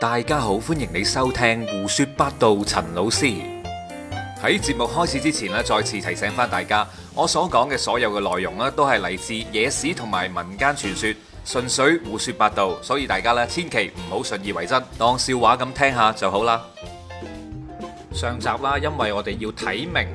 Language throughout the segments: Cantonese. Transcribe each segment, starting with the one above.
大家好，歡迎你收聽胡說八道。陳老師喺節目開始之前咧，再次提醒翻大家，我所講嘅所有嘅內容咧，都係嚟自野史同埋民間傳說，純粹胡說八道，所以大家咧千祈唔好信以為真，當笑話咁聽下就好啦。上集啦，因為我哋要睇明。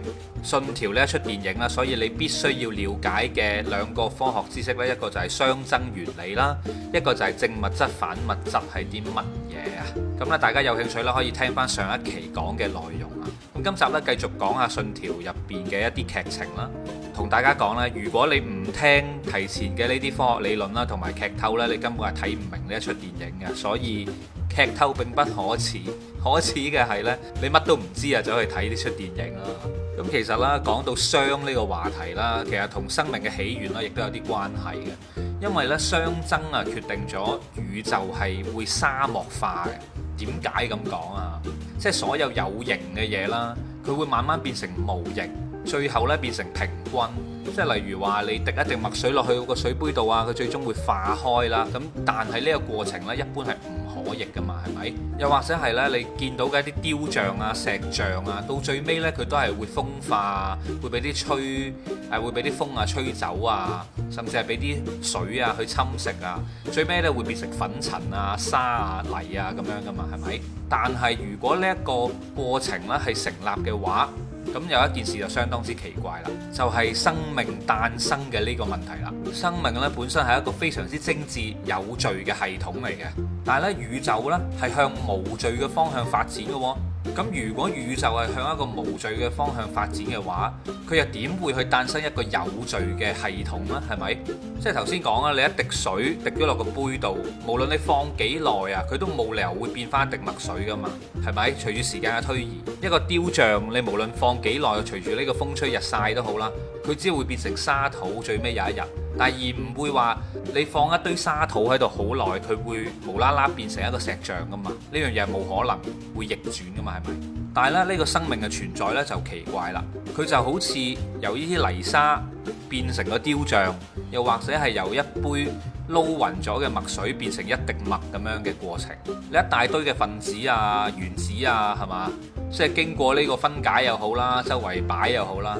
信條呢一出電影啦，所以你必須要了解嘅兩個科學知識咧，一個就係熵增原理啦，一個就係正物質反物質係啲乜嘢啊。咁咧，大家有興趣啦，可以聽翻上一期講嘅內容啊。咁今集咧繼續講下信條入邊嘅一啲劇情啦，同大家講咧，如果你唔聽提前嘅呢啲科學理論啦，同埋劇透咧，你根本係睇唔明呢一出電影嘅。所以劇透並不可恥，可恥嘅係咧，你乜都唔知啊，走去睇呢出電影啦。咁其實啦，講到熵呢個話題啦，其實同生命嘅起源啦，亦都有啲關係嘅。因為呢，熵增啊，決定咗宇宙係會沙漠化嘅。點解咁講啊？即係所有有形嘅嘢啦，佢會慢慢變成無形。最後咧變成平均，即係例如話你滴一滴墨水落去個水杯度啊，佢最終會化開啦。咁但係呢個過程呢，一般係唔可逆噶嘛，係咪？又或者係呢，你見到嘅一啲雕像啊、石像啊，到最尾呢，佢都係會風化，會俾啲吹，係、啊、會俾啲風啊吹走啊，甚至係俾啲水啊去侵蝕啊，最尾呢會變成粉塵啊、沙啊、泥啊咁樣噶嘛，係咪？但係如果呢一個過程呢係成立嘅話，咁有一件事就相當之奇怪啦，就係、是、生命誕生嘅呢個問題啦。生命呢本身係一個非常之精緻有序嘅系統嚟嘅，但係呢，宇宙呢係向無序嘅方向發展嘅喎。咁如果宇宙係向一個無序嘅方向發展嘅話，佢又點會去誕生一個有序嘅系統呢？係咪？即係頭先講啦，你一滴水滴咗落個杯度，無論你放幾耐啊，佢都冇理由會變翻滴墨水噶嘛？係咪？隨住時間嘅推移，一個雕像你無論放幾耐，隨住呢個風吹日曬都好啦，佢只會變成沙土，最尾有一日。但而唔會話你放一堆沙土喺度好耐，佢會無啦啦變成一個石像噶嘛？呢樣嘢冇可能會逆轉噶嘛？係咪？但係咧，呢個生命嘅存在呢，就奇怪啦。佢就好似由呢啲泥沙變成個雕像，又或者係由一杯撈勻咗嘅墨水變成一滴墨咁樣嘅過程。你一大堆嘅分子啊、原子啊，係嘛？即係經過呢個分解又好啦，周圍擺又好啦。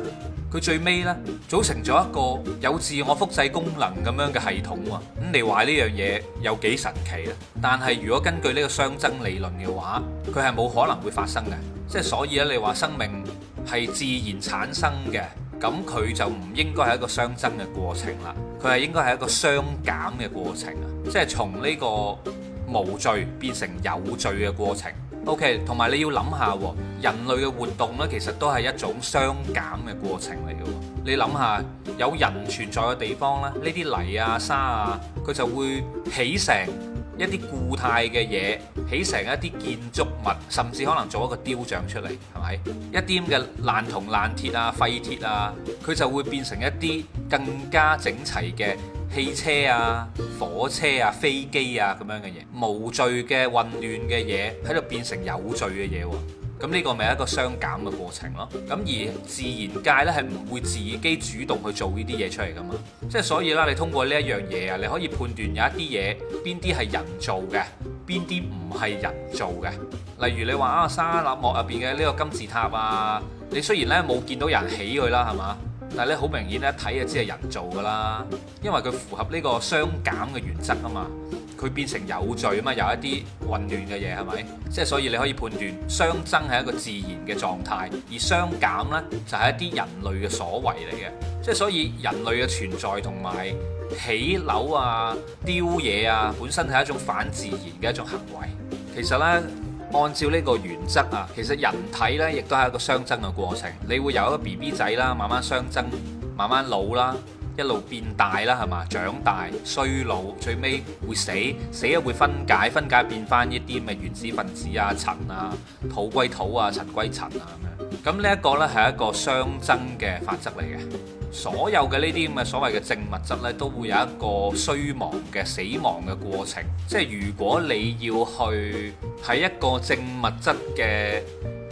佢最尾咧，組成咗一個有自我複製功能咁樣嘅系統喎。咁你話呢樣嘢有幾神奇咧？但係如果根據呢個熵增理論嘅話，佢係冇可能會發生嘅。即係所以咧，你話生命係自然產生嘅，咁佢就唔應該係一個熵增嘅過程啦。佢係應該係一個熵減嘅過程啊，即係從呢個無序變成有序嘅過程。O.K.，同埋你要諗下喎，人類嘅活動呢，其實都係一種熵減嘅過程嚟嘅。你諗下，有人存在嘅地方咧，呢啲泥啊、沙啊，佢就會起成一啲固態嘅嘢，起成一啲建築物，甚至可能做一個雕像出嚟，係咪？一啲咁嘅爛銅爛鐵啊、廢鐵啊，佢就會變成一啲更加整齊嘅。汽車啊、火車啊、飛機啊咁樣嘅嘢，無序嘅混亂嘅嘢喺度變成有序嘅嘢喎，咁呢個咪一個熵減嘅過程咯。咁而自然界呢，係唔會自己主動去做呢啲嘢出嚟㗎嘛，即係所以啦，你通過呢一樣嘢啊，你可以判斷有一啲嘢邊啲係人造嘅，邊啲唔係人造嘅。例如你話啊，撒哈拉沙漠入邊嘅呢個金字塔啊，你雖然呢冇見到人起佢啦，係嘛？但係咧，好明顯咧，睇就知係人造噶啦，因為佢符合呢個熵減嘅原則啊嘛。佢變成有序啊嘛，有一啲混亂嘅嘢係咪？即係所以你可以判斷熵增係一個自然嘅狀態，而熵減呢，就係一啲人類嘅所為嚟嘅。即係所以人類嘅存在同埋起樓啊、丟嘢啊，本身係一種反自然嘅一種行為。其實呢。按照呢個原則啊，其實人體呢亦都係一個熵增嘅過程。你會由一個 BB 仔啦，慢慢熵增，慢慢老啦，一路變大啦，係嘛？長大、衰老，最尾會死，死又會分解，分解變返一啲咩原子分子啊、塵啊、土歸土啊、塵歸塵啊咁樣。咁呢一個呢，係一個熵增嘅法則嚟嘅。所有嘅呢啲咁嘅所謂嘅正物質呢，都會有一個衰亡嘅死亡嘅過程。即係如果你要去喺一個正物質嘅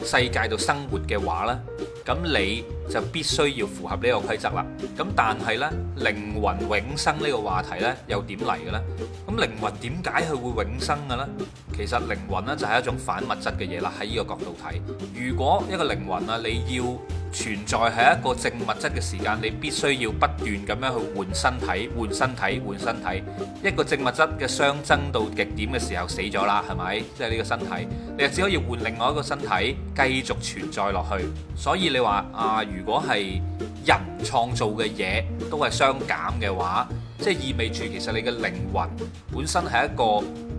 世界度生活嘅話呢，咁你，就必須要符合呢個規則啦。咁但係咧，靈魂永生呢個話題咧，又點嚟嘅咧？咁靈魂點解佢會永生嘅咧？其實靈魂咧就係一種反物質嘅嘢啦。喺呢個角度睇，如果一個靈魂啊，你要存在喺一個正物質嘅時間，你必須要不斷咁樣去換身體、換身體、換身體。一個正物質嘅熵增到極點嘅時候死咗啦，係咪？即係呢個身體，你又只可以換另外一個身體繼續存在落去。所以你話啊如如果係人創造嘅嘢都係熵減嘅話，即係意味住其實你嘅靈魂本身係一個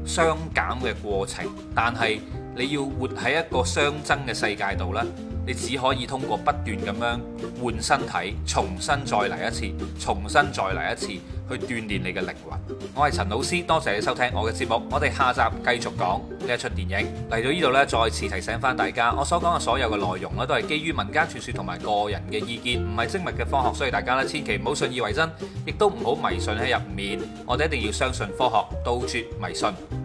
熵減嘅過程，但係你要活喺一個熵增嘅世界度呢。你只可以通過不斷咁樣換身體，重新再嚟一次，重新再嚟一次，去鍛鍊你嘅靈魂。我係陳老師，多謝你收聽我嘅節目。我哋下集繼續講呢一出電影。嚟到呢度呢，再次提醒翻大家，我所講嘅所有嘅內容呢，都係基於民間傳說同埋個人嘅意見，唔係精密嘅科學，所以大家呢，千祈唔好信以為真，亦都唔好迷信喺入面。我哋一定要相信科學，杜絕迷信。